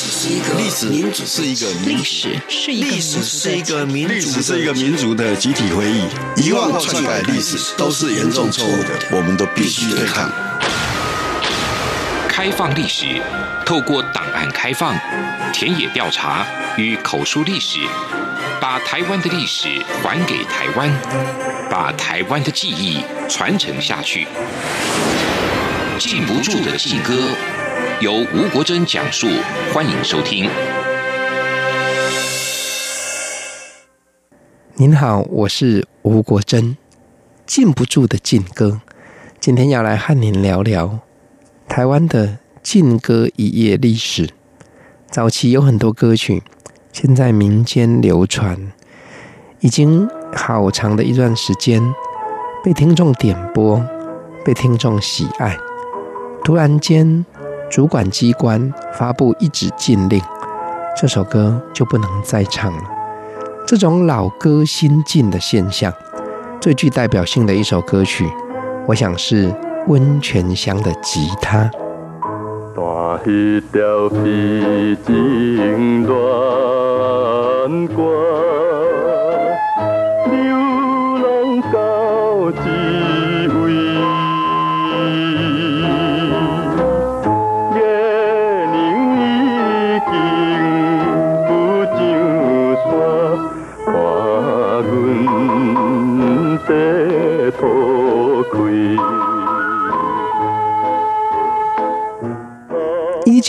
歷史是一個，歷史是一個，歷史是一個民族，是一個民族的集體回憶，遺忘篡改歷史都是嚴重錯誤的，我們都必須對抗。開放歷史，透過檔案開放、田野調查與口述歷史，把台灣的歷史還給台灣，把台灣的記憶傳承下去。禁不住的禁歌。由吳國禎講述，歡迎收聽。您好，我是吳國禎，禁不住的禁歌。今天要來和您聊聊台灣的禁歌一頁歷史。早期有很多歌曲先在民間流傳，已經好長的一段時間，被聽眾點播，被聽眾喜愛。突然間。主管機關發布一紙禁令，這首歌就不能再唱了。這種老歌新禁的現象，最具代表性的一首歌曲，我想是《溫泉鄉的吉他》。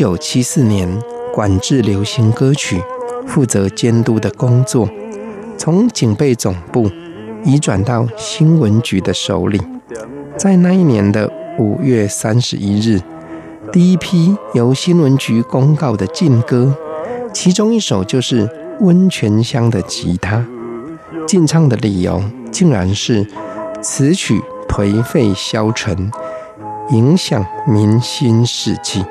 一九七四年，管制流行歌曲負責監督的工作，從警備總部移轉到新聞局的手裡。在那一年的五月三十一日，第一批由新聞局公告的禁歌，其中一首就是《溫泉鄉的吉他》。禁唱的理由竟然是詞曲頹廢消沉，影響民心士氣。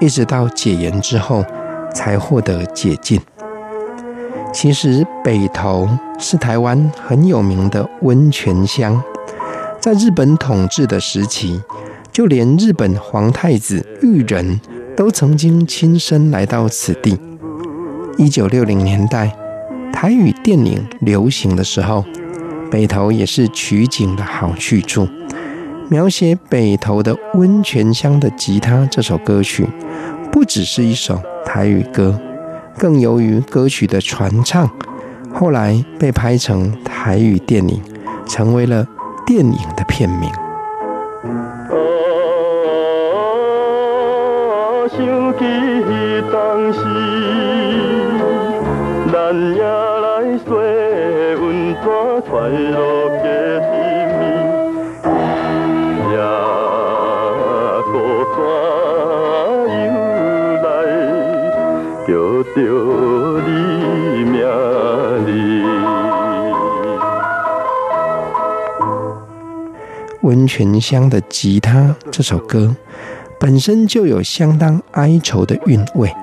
一直到解嚴之後，才獲得解禁。其實北投是台灣很有名的溫泉鄉，在日本統治的時期，就連日本皇太子裕仁都曾經親身來到此地。一九六零年代，台語電影流行的時候，北投也是取景的好去處。描寫北投的溫泉鄉的吉他這首歌曲，不只是一首台語歌，更由於歌曲的傳唱，後來被拍成台語電影，成為了電影的片名。哦溫泉鄉的吉他這首歌本身就有相當哀愁的韻味，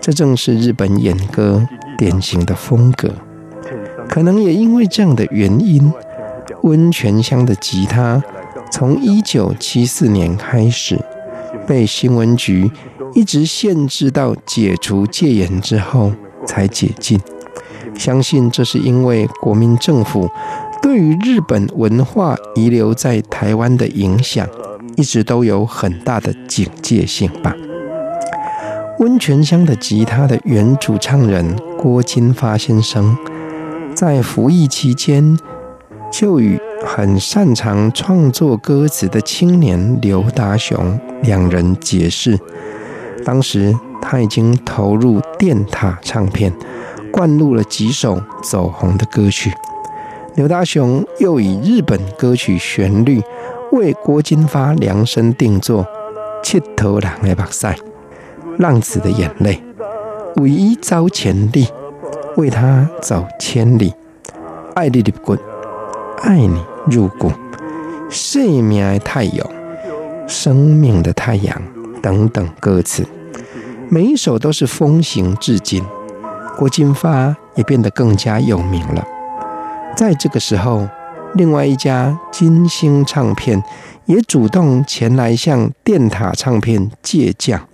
這正是日本演歌典型的風格。可能也因為這樣的原因，溫泉鄉的吉他從一九七四年開始。被新聞局一直限制到解除戒嚴之後才解禁，相信這是因為國民政府對於日本文化遺留在台灣的影響，一直都有很大的警戒性吧。溫泉鄉的吉他的原主唱人郭金發先生，在服役期間。就與很擅長創作歌詞的青年劉達雄兩人結識，當時他已經投入電塔唱片，灌入了幾首走紅的歌曲。劉達雄又以日本歌曲旋律為郭金發量身定做《七頭狼的白賽》《浪子的眼淚》《唯一朝前立》《為他走千里》愛立《愛的立棍》。愛你入骨、睡眠太陽、生命的太陽等等歌詞，每一首都是風行至今，郭金發也變得更加有名了。在這個時候，另外一家金星唱片也主動前來向電塔唱片借將，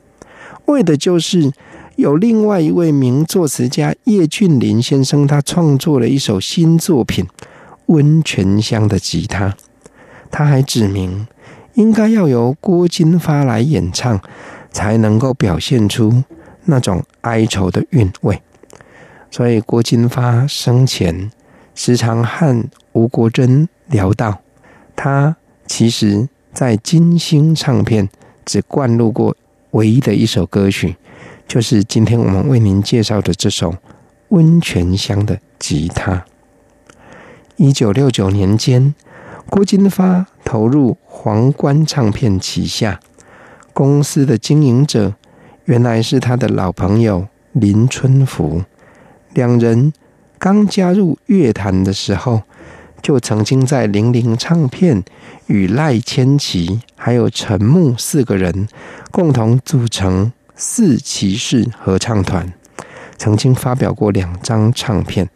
為的就是有另外一位名作詞家葉俊麟先生，他創作了一首新作品。《溫泉鄉的吉他》，他還指明應該要由郭金發來演唱，才能夠表現出那種哀愁的韻味。所以，郭金發生前時常和吳國珍聊到，他其實在金星唱片只灌錄過唯一的一首歌曲，就是今天我們為您介紹的這首《溫泉鄉的吉他》。一九六九年間，郭金發投入皇冠唱片旗下，公司的經營者原來是他的老朋友林春福。兩人剛加入樂壇的時候，就曾經在鈴鈴唱片與賴千奇還有陳牧四個人共同組成四騎士合唱團，曾經發表過兩張唱片。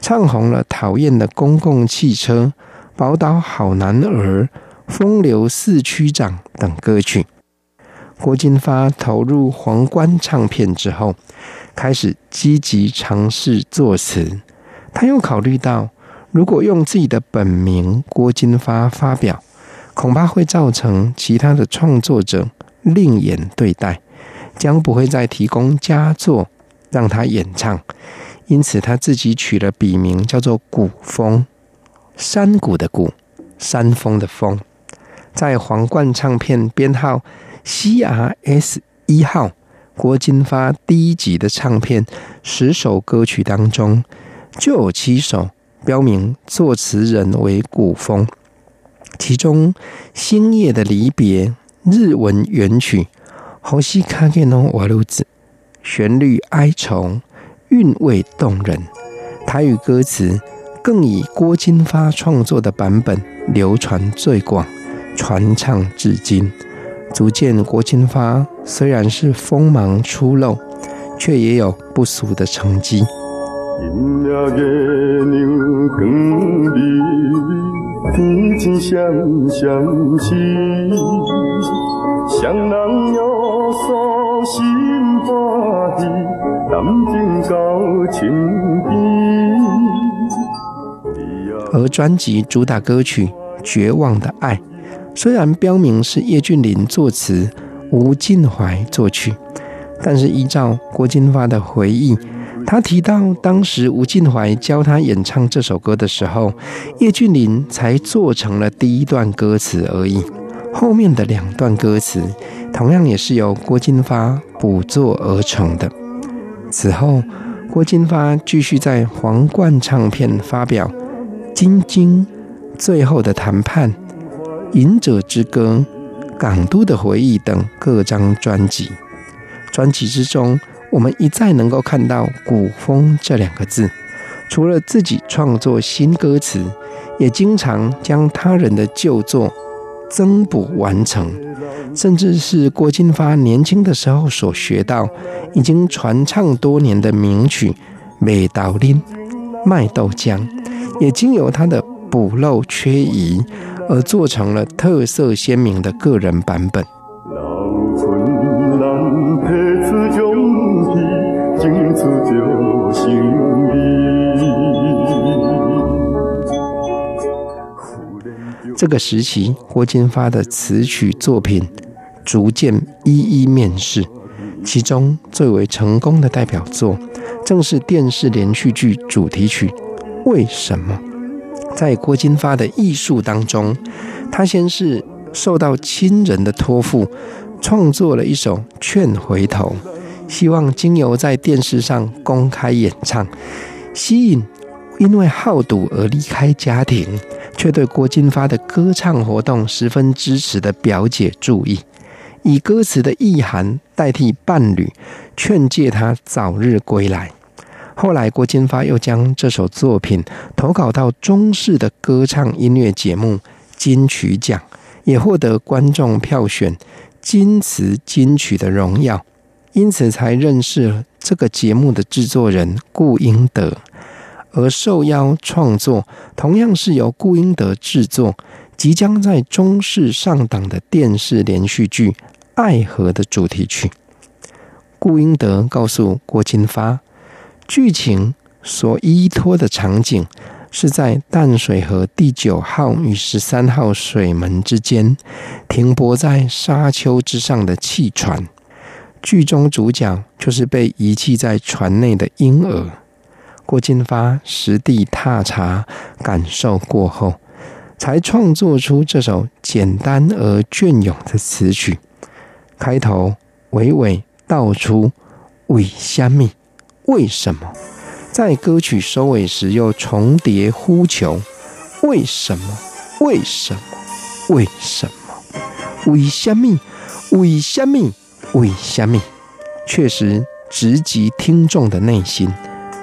唱紅了《討厭的公共汽車》、《寶島好男兒》、《風流四區長》等歌曲。郭金發投入皇冠唱片之後，開始積極嘗試作詞。他又考慮到，如果用自己的本名郭金發發表，恐怕會造成其他的創作者另眼對待，將不會再提供佳作讓他演唱。因此，他自己取了筆名，叫做“古風”，山谷的谷，山峰的峰。在皇冠唱片編號 C R S 一號郭金發第一集的唱片十首歌曲當中，就有七首標明作詞人為古風，其中《星夜的離別》日文原曲《星影のワルツ》，旋律哀愁。韻味動人，台語歌詞更以郭金發創作的版本流傳最廣，傳唱至今，足見郭金發雖然是鋒芒初露，卻也有不俗的成績。的聽相相有所心而專輯主打歌曲《絕望的愛》，雖然標明是葉俊麟作詞、吳晉淮作曲，但是依照郭金發的回憶，他提到當時吳晉淮教他演唱這首歌的時候，葉俊麟才做成了第一段歌詞而已，後面的兩段歌詞同樣也是由郭金發補作而成的。此後，郭金發繼續在皇冠唱片發表《金晶》《最後的談判》《隱者之歌》《港都的回憶》等各張專輯。專輯之中，我們一再能夠看到“古風”這兩個字。除了自己創作新歌詞，也經常將他人的舊作。增補完成，甚至是郭金發年輕的時候所學到、已經傳唱多年的名曲《美豆林》《賣豆漿》，也經由他的補漏缺遺，而做成了特色鮮明的個人版本。這個時期，郭金發的詞曲作品逐漸一一面世，其中最為成功的代表作，正是電視連續劇主題曲《為什麼》。在郭金發的藝術當中，他先是受到親人的托付，創作了一首《勸回頭》，希望經由在電視上公開演唱，吸引因為好賭而離開家庭。卻對郭金發的歌唱活動十分支持的表姐注意，以歌詞的意涵代替伴侶，勸誡他早日歸來。後來，郭金發又將這首作品投稿到中視的歌唱音樂節目《金曲獎》，也獲得觀眾票選金詞金曲的榮耀，因此才認識了這個節目的製作人顧英德。而受邀創作，同樣是由顧英德製作，即將在中視上檔的電視連續劇《愛河》的主題曲。顧英德告訴郭金發，劇情所依託的場景是在淡水河第九號與十三號水門之間停泊在沙丘之上的汽船，劇中主角就是被遺棄在船內的嬰兒。郭金發實地踏查感受過後，才創作出這首簡單而雋永的詞曲。開頭娓娓道出“為蝦米”，為什麼？在歌曲收尾時又重疊呼求“為什麼？為什麼？為什麼？”“為蝦米，為蝦米，為蝦米！”確實直擊聽眾的內心。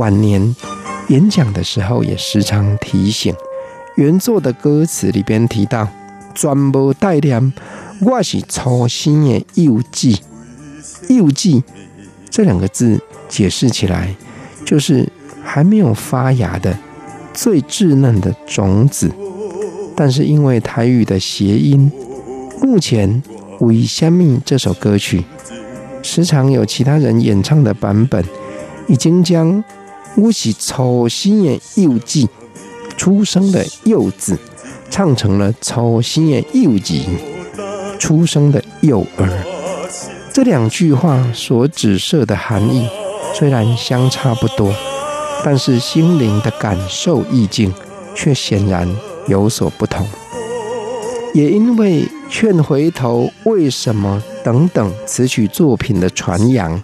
晚年演講的時候，也時常提醒。原作的歌詞裡邊提到“轉播代聯，我是操心的幼稚，幼稚”這兩個字，解釋起來就是還沒有發芽的最稚嫩的種子。但是因為台語的諧音，目前《微生命》這首歌曲時常有其他人演唱的版本，已經將。我是草心的幼子，出生的幼子，唱成了草心的幼子，出生的幼兒。這兩句話所指涉的含義雖然相差不多，但是心靈的感受意境卻顯然有所不同。也因為“勸回頭”為什麼等等詞曲作品的傳揚，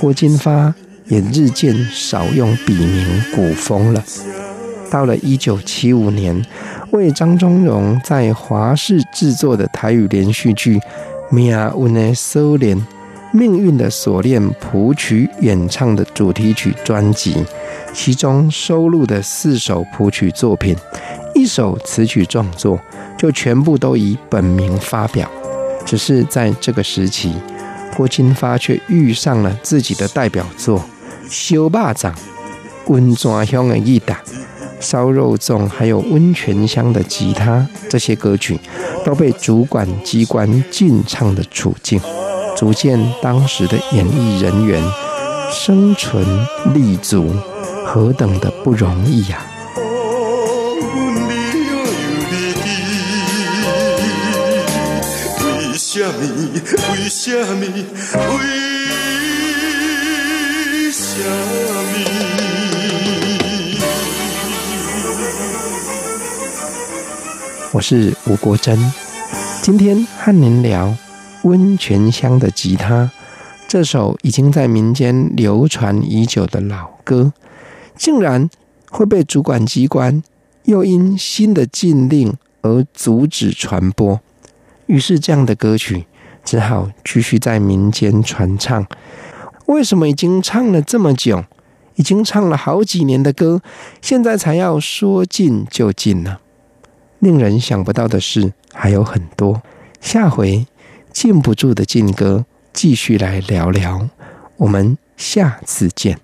郭金發。也日漸少用筆名古風了。到了一九七五年，為張忠榮在華視製作的台語連續劇《命命運的鎖鏈》譜曲演唱的主題曲專輯，其中收錄的四首譜曲作品，一首詞曲創作，就全部都以本名發表。只是在這個時期，郭金發卻遇上了自己的代表作，《羞巴掌》《溫泉鄉的一打》《燒肉粽》，還有《溫泉鄉的吉他》這些歌曲，都被主管機關禁唱的處境，足見當時的演藝人員生存立足何等的不容易呀、啊！哦我是吳國珍，今天和您聊《溫泉鄉的吉他》這首已經在民間流傳已久的老歌，竟然會被主管機關又因新的禁令而阻止傳播，於是這樣的歌曲只好繼續在民間傳唱。為什麼已經唱了這麼久，已經唱了好幾年的歌，現在才要說禁就禁呢？令人想不到的事還有很多，下回禁不住的禁歌，繼續來聊聊，我們下次見。